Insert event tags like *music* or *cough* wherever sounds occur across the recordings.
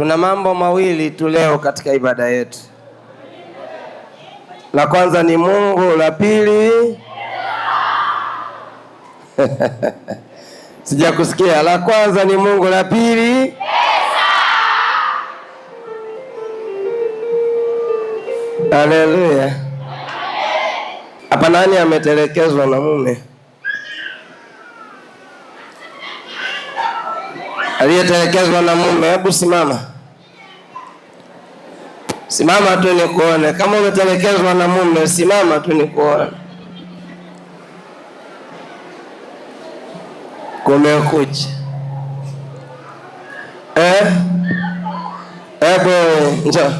Tuna mambo mawili tu leo katika ibada yetu. La kwanza ni Mungu, la pili *laughs* sijakusikia. La kwanza ni Mungu, la pili Haleluya. Hapa nani ametelekezwa na mume? aliyetelekezwa na mume, hebu simama simama tu nikuone. Kama umetelekezwa na mume, simama tu nikuone. Kumekucha kumekuja eh? Ebo, njoo.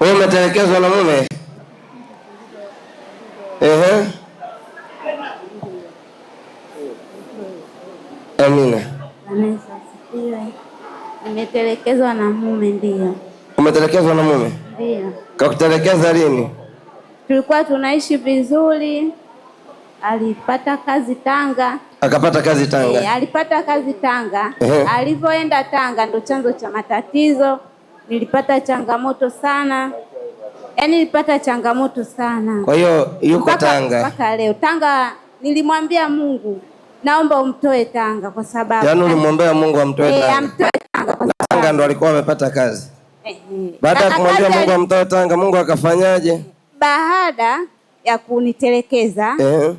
Wewe umetelekezwa na mume nini? Nimetelekezwa na mume. Ndio. Umetelekezwa na mume? Ndio. Kakutelekeza lini? Tulikuwa tunaishi vizuri, alipata kazi Tanga. Akapata kazi Tanga. E, alipata kazi Tanga. Alivyoenda Tanga ndo chanzo cha matatizo. Nilipata changamoto sana, yaani nilipata changamoto sana. Kwa hiyo yuko mpaka Tanga mpaka leo Tanga, nilimwambia Mungu naomba umtoe Tanga kwa sababu yaani ulimwombea Mungu amtoe eh, Tanga. Eh, amtoe Tanga kwa sababu Tanga ndo alikuwa amepata kazi. Eh, eh. Baada ya kumwambia Mungu amtoe Tanga, Mungu akafanyaje? Baada ya kunitelekeza eh,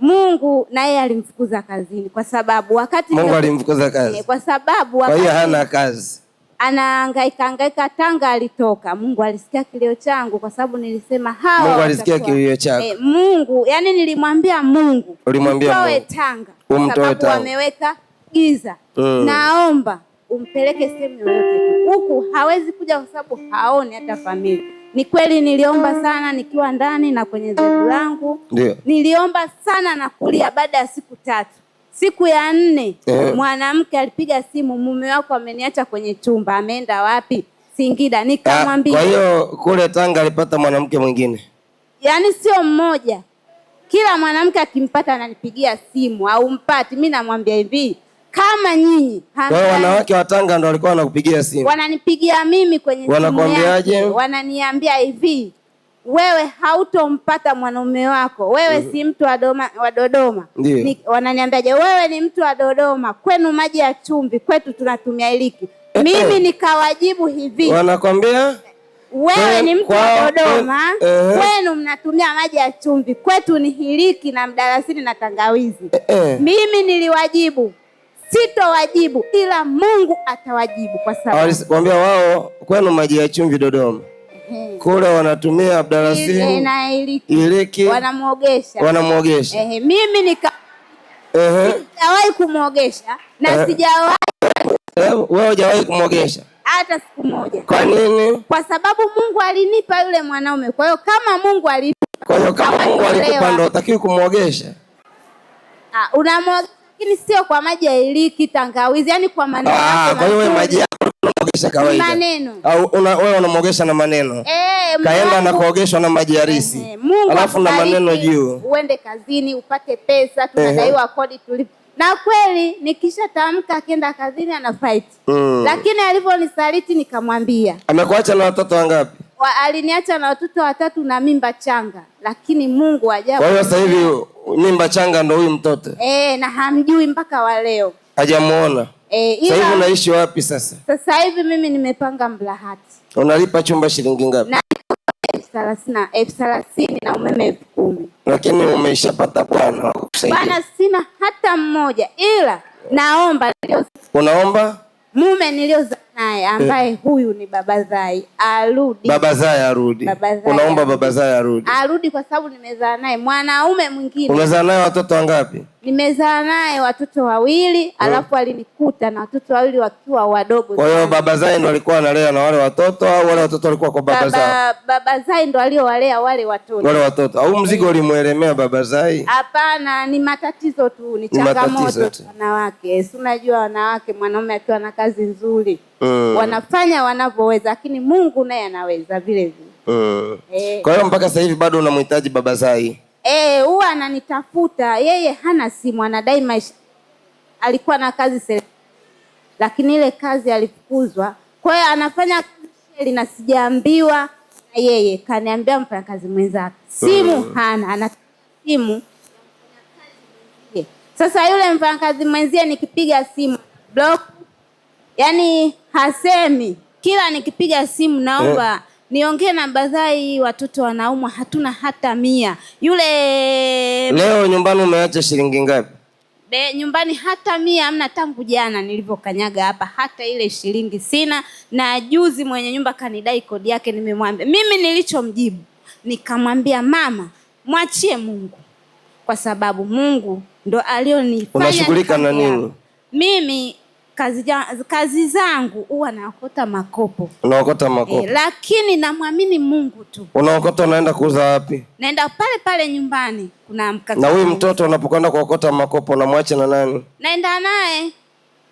Mungu yeye alimfukuza kazini kwa sababu wakati Mungu alimfukuza kazi. Kwa sababu wakati, kwa hiyo hana kazi anaangaika angaika Tanga alitoka. Mungu alisikia kilio changu kwa sababu nilisema hawa. Mungu alisikia kilio eh, chako. e, Mungu, yani nilimwambia Mungu, ulimwambia Mungu Tanga sababu ameweka giza. Mm. Naomba umpeleke sehemu yoyote huku, hawezi kuja kwa sababu haoni hata familia. Ni kweli niliomba sana nikiwa ndani na kwenye dhehebu langu. Niliomba sana na kulia baada ya siku tatu Siku ya nne eh. mwanamke alipiga simu, mume wako ameniacha kwenye chumba, ameenda wapi? Singida. Nikamwambia. Ah, kwa hiyo kule Tanga alipata mwanamke mwingine, yaani sio mmoja. Kila mwanamke akimpata ananipigia simu, aumpati mi namwambia hivi kama nyinyi. Kwa hiyo wanawake wa Tanga ndo walikuwa wanakupigia simu, wananipigia mimi kwenye simu, wanakuambiaje? Wananiambia hivi wewe hautompata mwanaume wako, wewe mhm. si mtu wa Dodoma, yeah. Wananiambiaje? wewe ni mtu wa Dodoma, kwenu maji ya chumvi, kwetu tunatumia iliki. Eh, Mimi eh. nikawajibu hivi, wanakwambia wewe ni mtu wa Dodoma, eh, kwenu mnatumia maji ya chumvi, kwetu ni hiliki na mdalasini na tangawizi. Mimi niliwajibu sitowajibu, ila Mungu atawajibu, kwa sababu wao, kwenu maji ya chumvi Dodoma kule wanatumia abdalasini na Iliki wanamuogesha, wanamuogesha. Ehe, mimi nika ehe, sijawahi kumuogesha na sijawahi. Wewe hujawahi kumuogesha hata siku moja. Kwa nini? Kwa sababu Mungu alinipa yule mwanaume. Kwa hiyo kama Mungu alinipa, kwa hiyo kama Mungu alikupa, ndio utakiwi kumuogesha. Ah, unamuogesha lakini sio kwa maji ya iliki, tangawizi, yani kwa maneno. Ah, kwa hiyo maji yako kawaida. Maneno. Au wewe unamwogesha na maneno. Eh, kaenda na kuogeshwa na maji halisi. alafu na maneno juu. Uende kazini upate pesa, tunadaiwa kodi tulipo Na kweli nikisha tamka akienda kazini ana fight. Mm. Lakini alivyonisaliti nikamwambia. Amekuacha na watoto wangapi? Wa, aliniacha na watoto watatu na mimba changa. Lakini Mungu ajabu. Kwa hiyo sasa hivi mimba changa ndo huyu mtoto e, na hamjui mpaka wa leo hajamuona e, sasa hivi unaishi wapi sasa? Sasa hivi mimi nimepanga Mlahati. Unalipa chumba shilingi ngapi? elfu thelathini na umeme elfu kumi lakini umeishapata bwana bwana, sina hata mmoja, ila naomba leo. Unaomba mume niliyozaa naye ambaye eh, huyu ni baba zai arudi, baba zai arudi, unaomba baba zai arudi, arudi kwa sababu nimezaa naye mwanaume mwingine. Umezaa naye watoto wangapi? Nimezaa naye watoto wawili eh. alafu alinikuta na watoto wawili wakiwa wadogo. Kwa hiyo baba zai ndo alikuwa analea na wale watoto au wale watoto walikuwa kwa baba zao? Baba zai ndo aliowalea wale watoto. Wale watoto au mzigo ulimwelemea baba zai? Hapana, ni matatizo tu, ni changamoto wanawake. Si unajua wanawake, mwanaume akiwa na kazi nzuri mm. wanafanya wanavyoweza, lakini Mungu naye anaweza vile vile mm. eh. Kwa hiyo mpaka sasa hivi bado unamhitaji baba zai? Eh, huwa ananitafuta yeye, hana simu, anadai maisha. Alikuwa na kazi serikali, lakini ile kazi alifukuzwa. Kwa hiyo anafanya kazi na sijaambiwa, na yeye kaniambia mfanyakazi mwenzake, simu hana, ana simu. Sasa yule mfanyakazi mwenzie nikipiga simu block, yani hasemi, kila nikipiga simu naomba eh niongee na badhai watoto wanaumwa, hatuna hata mia. Yule leo nyumbani umeacha shilingi ngapi? Be, nyumbani hata mia amna. Tangu jana nilivyokanyaga hapa hata ile shilingi sina, na juzi mwenye nyumba kanidai kodi yake, nimemwambia mimi nilichomjibu nikamwambia, mama mwachie Mungu kwa sababu Mungu ndo alionifanya. Unashughulika na nini? Mimi kazi, kazi zangu huwa naokota makopo. Unaokota eh, makopo? E, lakini namwamini Mungu tu. Unaokota unaenda kuuza wapi? Naenda pale pale nyumbani. Kuna mkaka. Na huyu mtoto unapokwenda kuokota makopo unamwacha na nani? Naenda naye.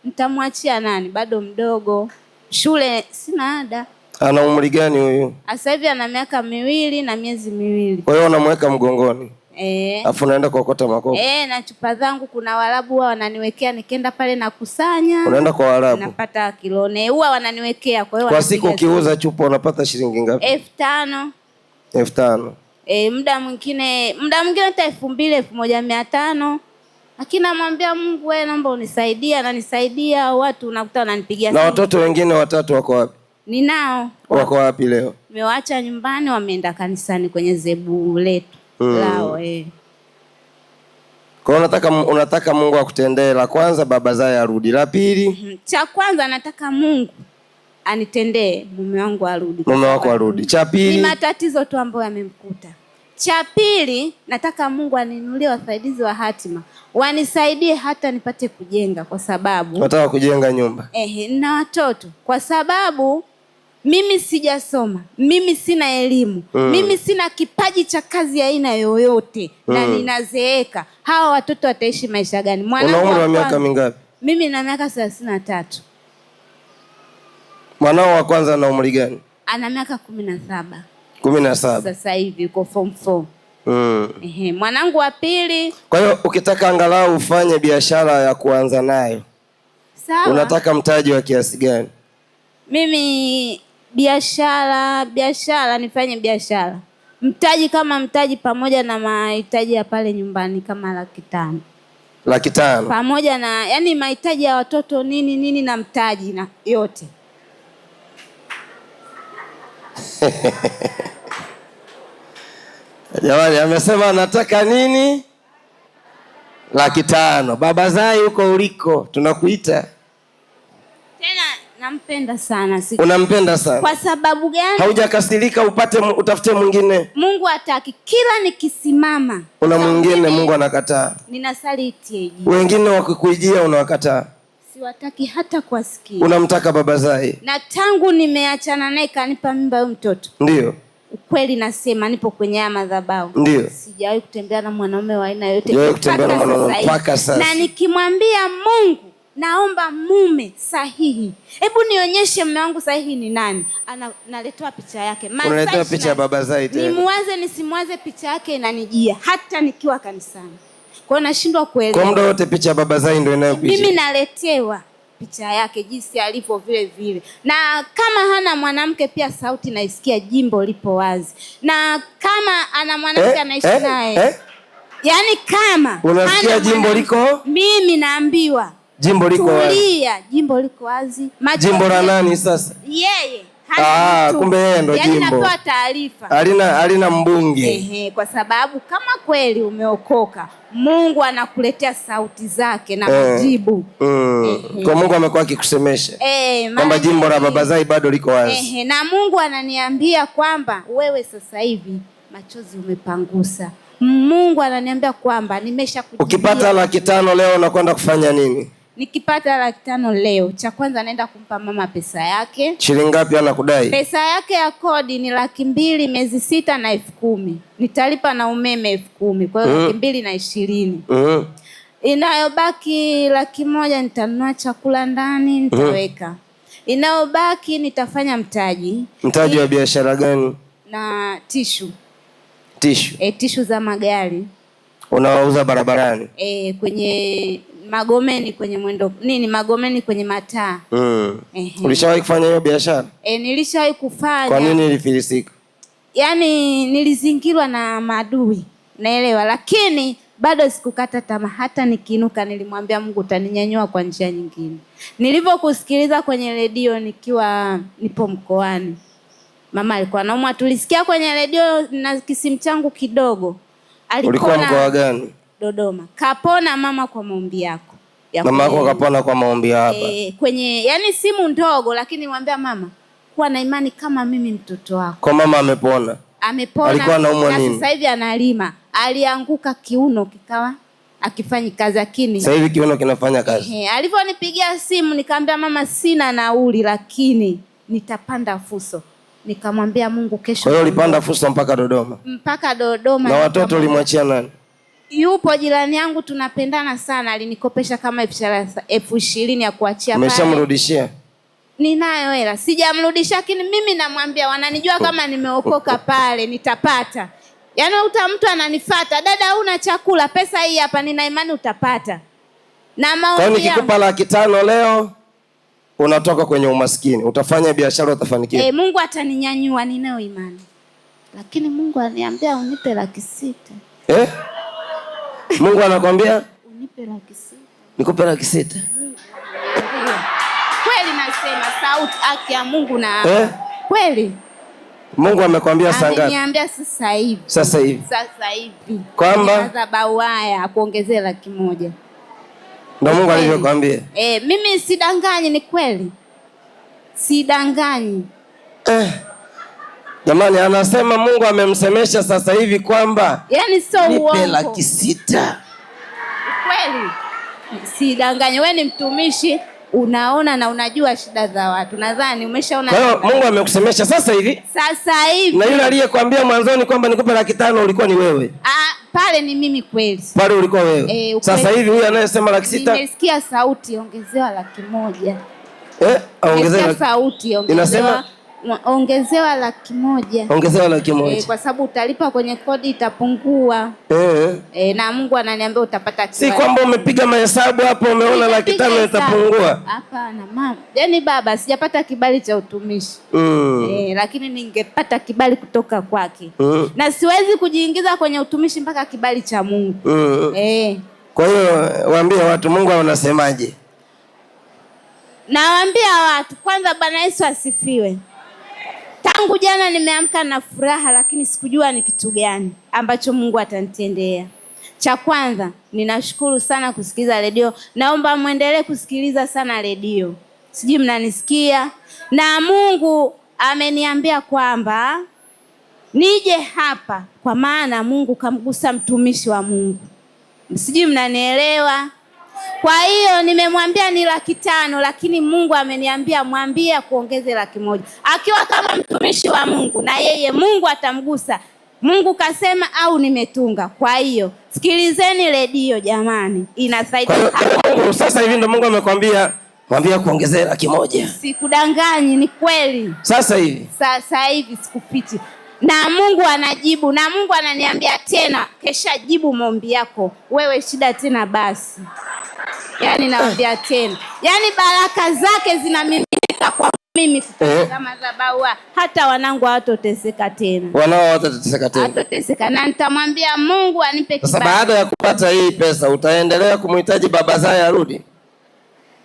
Nitamwachia nani? Bado mdogo, shule sina ada. Ana umri gani huyu? Sasa hivi ana miaka miwili na miezi miwili. Kwa hiyo unamweka mgongoni? Eh. Alafu e, unaenda kuokota makopo e, na chupa zangu kuna Waarabu huwa wananiwekea, nikienda pale nakusanya. Unaenda kwa Waarabu napata kilo eh, huwa wananiwekea. Kwa hiyo kwa siku ukiuza chupa unapata shilingi ngapi? elfu tano elfu tano e, muda mwingine muda mwingine hata elfu mbili elfu moja mia tano lakini namwambia Mungu, wewe naomba unisaidie. Ananisaidia, watu unakuta wananipigia. Na watoto wengine watatu wako wapi? Ninao. Wako wapi leo? mewaacha nyumbani, wameenda kanisani kwenye zebu letu mm. lao eh. Kwa unataka unataka Mungu akutendee la kwanza, baba zaye arudi. La pili, mhm. cha kwanza nataka Mungu anitendee mume wangu arudi. Mume wako arudi. Cha pili, ni matatizo tu ambayo yamemkuta. Cha pili, nataka Mungu aninulie wasaidizi wa hatima wanisaidie hata nipate kujenga, kwa sababu nataka kujenga nyumba ehe na watoto kwa sababu mimi sijasoma, mimi sina elimu mm. mimi sina kipaji cha kazi ya aina yoyote mm. na ninazeeka, hawa watoto wataishi maisha gani? Mwanangu wa miaka mingapi? Mimi na miaka thelathini na tatu. Mwanao wa kwanza ana umri gani? Ana miaka kumi na saba. Kumi na saba sasa hivi yuko form four. Mm. mwanangu wa pili. Kwa hiyo ukitaka angalau ufanye biashara ya kuanza nayo, sawa, unataka mtaji wa kiasi gani? Mimi biashara biashara, nifanye biashara, mtaji kama mtaji, pamoja na mahitaji ya pale nyumbani kama laki tano laki tano pamoja na yani mahitaji ya watoto nini nini na mtaji na yote *laughs* Jamani, amesema anataka nini? Laki tano. Baba zai, huko uliko tunakuita. Nampenda sana siku. Unampenda sana kwa sababu gani? Haujakasirika upate utafute mwingine. Mungu hataki, kila nikisimama kuna mwingine, Mungu anakataa. Ninasaliti wengine wakikujia unawakataa siwataki hata kuwasikia. Unamtaka baba zai, na tangu nimeachana naye kanipa mimba huyo mtoto, ndio ukweli nasema, nipo kwenye haya madhabahu, ndio sijawahi kutembea na mwanaume wa aina yoyote mpaka sasa, na nikimwambia Mungu naomba mume sahihi. Hebu nionyeshe mume wangu sahihi ni nani? Ana, naletewa picha yake, unaletoa picha ya baba Zaidi. Eh? Nimwaze nisimwaze, picha yake inanijia hata nikiwa kanisani. Kwa hiyo nashindwa kuelewa. Kwa muda wote picha ya baba Zaidi ndio inayokuja. Mimi naletewa picha yake jinsi alivyo vile vile, na kama hana mwanamke pia sauti naisikia, jimbo lipo wazi, na kama ana mwanamke eh, anaishi eh, naye eh. Yaani kama unasikia jimbo liko, mimi naambiwa Jimbo liko wazi. Jimbo liko wazi. Jimbo la nani sasa? Yeye. Ah, kumbe yeye ndo yaani jimbo. Yaani natoa taarifa. Halina alina mbunge. Ehe, kwa sababu kama kweli umeokoka, Mungu anakuletea sauti zake na eh, majibu. Mm. Kwa Mungu amekuwa akikusemesha. Eh, kwamba jimbo la Babazai bado liko wazi. Ehe, na Mungu ananiambia kwamba wewe sasa hivi machozi umepangusa. Mungu ananiambia kwamba nimesha kujibia. Ukipata laki tano leo unakwenda kufanya nini? nikipata laki tano leo, cha kwanza naenda kumpa mama pesa yake. Shilingi ngapi anakudai? Pesa yake ya kodi ni laki mbili miezi sita na elfu kumi nitalipa na umeme elfu kumi kwa hiyo mm. laki mbili na ishirini mm. inayobaki laki moja nitanunua chakula ndani mm-hmm. nitaweka mm. inayobaki nitafanya mtaji. Mtaji wa biashara gani? na tishu tishu, e, tishu za magari unawauza barabarani e, kwenye Magomeni kwenye mwendo nini, Magomeni kwenye mataa. Mm. Ulishawahi kufanya hiyo biashara? E, nilishawahi kufanya. Kwa nini ilifilisika? Yaani nilizingirwa na maadui, naelewa, lakini bado sikukata tamaa. Hata nikiinuka nilimwambia Mungu utaninyanyua kwa njia nyingine. Nilivyokusikiliza kwenye redio nikiwa nipo mkoani, mama alikuwa anaumwa, tulisikia kwenye redio na kisimu changu kidogo. Alikuwa ulikuwa mkoa gani? Dodoma. Kapona mama kwa maombi yako ya mama yako kapona kwa maombi hapa e, eh, kwenye yani simu ndogo, lakini mwambia mama, kuwa na imani kama mimi mtoto wako. Kwa mama amepona, amepona, alikuwa anaumwa nini? Sasa hivi analima, alianguka kiuno kikawa akifanyi kazi, lakini sasa hivi kiuno kinafanya kazi. Eh, alivyonipigia simu nikamwambia mama, sina nauli lakini nitapanda fuso nikamwambia Mungu kesho. Kwa hiyo ulipanda fuso mpaka Dodoma? Mpaka Dodoma. Na watoto ulimwachia nani? yupo jirani yangu tunapendana sana, alinikopesha kama elfu ishirini ya kuachia pale. Umeshamrudishia? Ninayo hela, sijamrudishia, lakini mimi namwambia wananijua kama nimeokoka pale, nitapata. Yaani uta mtu ananifata, dada, una chakula, pesa hii hapa, nina imani utapata. Na nikikupa laki tano leo unatoka kwenye umaskini, utafanya biashara, utafanikiwa. E, Mungu ataninyanyua, ninayo imani. Lakini Mungu aliniambia unipe laki sita eh? Mungu anakwambia nikupe laki sita kweli, nasema sauti haki ya Mungu na eh? Kweli Mungu amekwambia saa ngapi? Ameniambia sasa hivi. Sasa hivi. Sasa hivi. Kwamba madhabahu haya kuongezea laki moja. Ndio Mungu alivyokuambia. Eh, mimi sidanganyi ni kweli. Sidanganyi. Eh. Jamani, anasema Mungu amemsemesha sasa hivi kwamba yani sio uongo, ni laki sita. Kweli sidanganye, wewe ni mtumishi, unaona na unajua shida za watu. Nadhani umeshaona. Kwa hiyo Mungu amekusemesha sasa hivi, sasa hivi. Na yule aliyekwambia mwanzoni kwamba nikupe laki tano ulikuwa ni wewe. Ah, pale ni mimi kweli, pale ulikuwa wewe e, sasa hivi huyu anayesema laki sita nimesikia sauti, ongezewa laki moja eh, ongezewa sauti, ongezewa inasema ongezewa laki moja, ongezewa laki eh, moja. E, kwa sababu utalipa kwenye kodi itapungua e. E, na Mungu ananiambia utapata. Si kwamba umepiga mahesabu hapo umeona laki tano itapungua? Hapana mama, yaani baba, sijapata kibali cha utumishi mm. E, lakini ningepata kibali kutoka kwake mm. na siwezi kujiingiza kwenye utumishi mpaka kibali cha Mungu mm. E. Kwa hiyo waambie watu Mungu anasemaje? Nawaambia watu kwanza, Bwana Yesu asifiwe. Tangu jana nimeamka na furaha, lakini sikujua ni kitu gani ambacho Mungu atanitendea. Cha kwanza, ninashukuru sana kusikiliza redio. Naomba mwendelee kusikiliza sana redio, sijui mnanisikia. Na Mungu ameniambia kwamba nije hapa, kwa maana Mungu kamgusa mtumishi wa Mungu, sijui mnanielewa. Kwa hiyo nimemwambia ni laki tano, lakini Mungu ameniambia mwambie akuongeze laki moja, akiwa kama mtumishi wa Mungu na yeye Mungu atamgusa. Mungu kasema au nimetunga. Kwa hiyo sikilizeni redio jamani, inasaidia. Sasa hivi ndo Mungu amekwambia mwambie akuongezee laki moja. Sikudanganyi, ni kweli. Sasa hivi, sasa hivi sikupiti na Mungu anajibu, na Mungu ananiambia tena, kesha jibu maombi yako wewe, shida tena basi. Yani naambia tena, yani baraka zake zinamiminika kwa mimi kupitia madhabahu, hata wanangu hawatoteseka tena, wanao hawatoteseka tena, hawatoteseka na nitamwambia Mungu anipe. Sasa baada ya kupata hii pesa, utaendelea kumhitaji baba zaye arudi?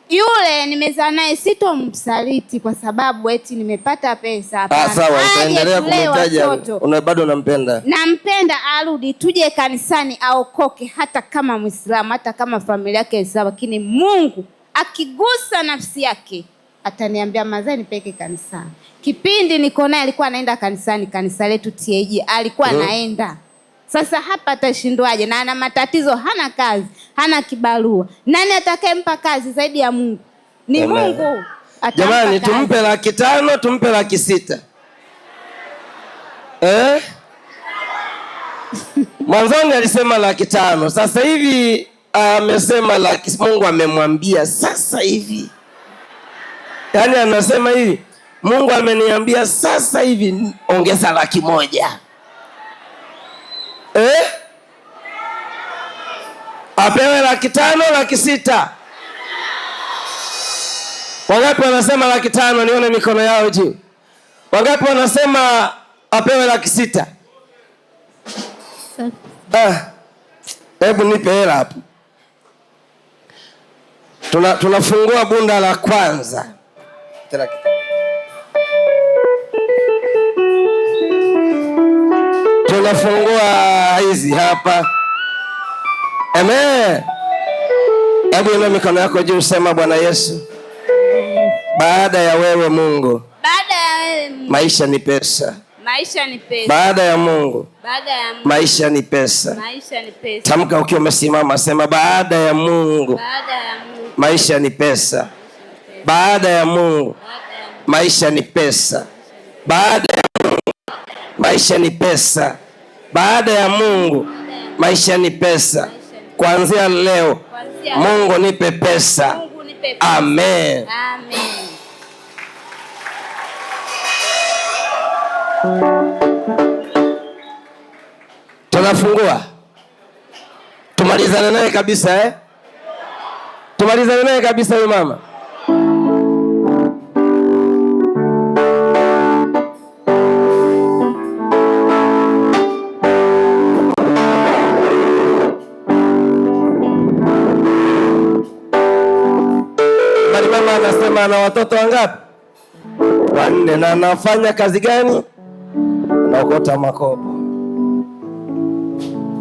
yule nimezaa naye sitomsaliti kwa sababu eti nimepata pesa. Ah, hapana, sawa, utaendelea kumtaja, una bado unampenda? Nampenda, arudi tuje kanisani aokoke, hata kama Mwislamu, hata kama familia yake sawa, lakini Mungu akigusa nafsi yake ataniambia mazae nipeke kanisani. Kipindi niko naye alikuwa anaenda kanisani, kanisa letu TAG alikuwa anaenda mm. Sasa hapa atashindwaje? Na ana matatizo, hana kazi, hana kibarua. Nani atakayempa kazi zaidi ya Mungu? Ni Amen. Mungu jamani, tumpe laki tano, tumpe laki sita eh? *laughs* Mwanzoni alisema laki tano, sasa hivi ah, amesema uh, laki. Mungu amemwambia sasa hivi, yaani anasema hivi, Mungu ameniambia sasa hivi ongeza laki moja eh? apewe laki tano, laki sita. Wangapi wanasema laki tano? Nione mikono yao juu. Wangapi wanasema apewe laki sita? Ah, hebu ah, nipe hela hapo. Tuna tunafungua bunda la kwanza. unafungua hizi hapa. Amen. Hebu inua mikono yako juu, sema Bwana Yesu, baada ya wewe Mungu, baada ya wewe Mungu, maisha ni pesa Maisha ni pesa. Baada ya Mungu, baada ya Mungu. Maisha ni pesa. Maisha ni pesa. Tamka ukiwa umesimama, sema baada ya Mungu, baada ya Mungu. Maisha ni pesa. Baada ya Mungu, maisha ni pesa. Baada ya Mungu, maisha ni pesa. Baada ya Mungu maisha ni pesa. Kuanzia leo Mungu nipe pesa. Amen. Tunafungua, tumalizane naye kabisa eh? Tumalizane naye kabisa huyu mama. mama anasema ana watoto wangapi? Wanne. Na anafanya kazi gani? Anaokota makopo.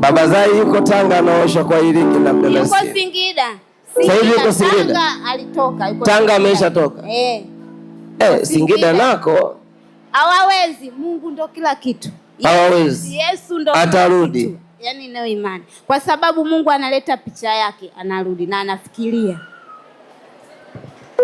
Baba zai yuko Tanga, anaosha kwa iliki na mdalasini. Yuko Singida. Sasa hivi yuko Singida. Tanga alitoka. Yuko Tanga ameshatoka. Eh. Eh, Singida nako hawawezi. Mungu ndo kila kitu. Hawawezi. Yesu ndo atarudi. Yaani, nayo imani, kwa sababu Mungu analeta picha yake, anarudi na anafikiria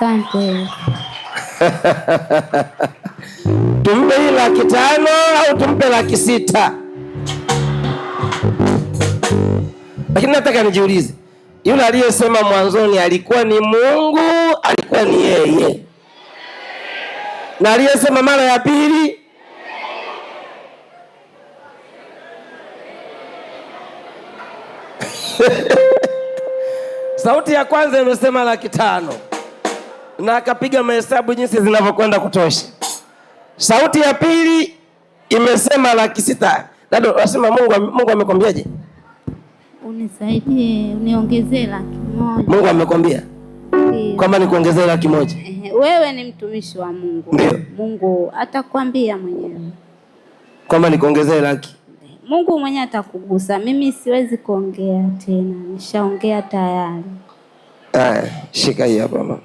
Asante. *laughs* Tumpe hii laki tano au tumpe laki sita? Lakini nataka nijiulize, yule aliyesema mwanzoni alikuwa ni Mungu, alikuwa ni yeye, na aliyesema mara ya pili *laughs* sauti ya kwanza imesema laki tano na akapiga mahesabu jinsi zinavyokwenda kutosha. Sauti ya pili imesema laki sita. Dada unasema Mungu, Mungu amekwambiaje? Unisaidie, uniongezee laki moja. Mungu amekwambia kwamba nikuongezee laki moja? Wewe ni mtumishi wa Mungu. Ndiyo. Mungu atakwambia mwenyewe kwamba nikuongezee laki. Mungu mwenyewe atakugusa. Mimi siwezi kuongea tena, nishaongea tayari. Aya, shika hii hapa mama.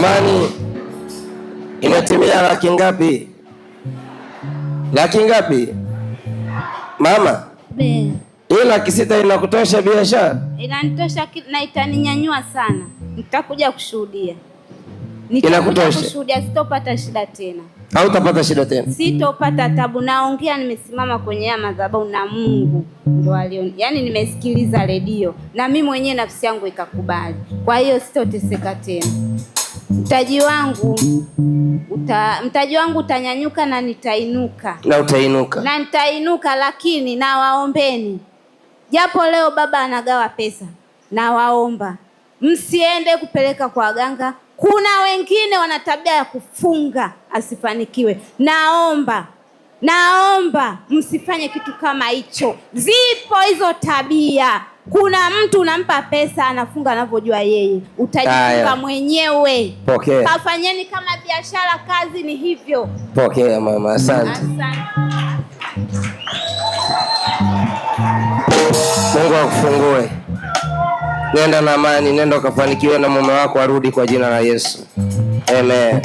Jamani, imetimia laki ngapi? Laki ngapi mama? Be. Hii laki sita inakutosha biashara? Inanitosha na itaninyanyua sana, nitakuja kushuhudia. Inakutosha kushuhudia, sitopata shida tena. au utapata shida tena, sitopata tabu. Naongea, nimesimama kwenye ya madhabahu na Mungu ndo alio, yaani nimesikiliza redio na mimi mwenyewe nafsi yangu ikakubali, kwa hiyo sitoteseka tena mtaji wangu uta, mtaji wangu utanyanyuka na nitainuka na utainuka na nitainuka, lakini nawaombeni, japo leo baba anagawa pesa, nawaomba msiende kupeleka kwa waganga. Kuna wengine wana tabia ya kufunga asifanikiwe, naomba Naomba msifanye kitu kama hicho. Zipo hizo tabia. Kuna mtu unampa pesa anafunga anavyojua yeye, utajifunga mwenyewe. Pokea. Kafanyeni kama biashara, kazi ni hivyo. Pokea mama, asante. Mungu akufungue. Nenda na amani, nenda ukafanikiwe na mume wako arudi kwa jina la Yesu. Amen.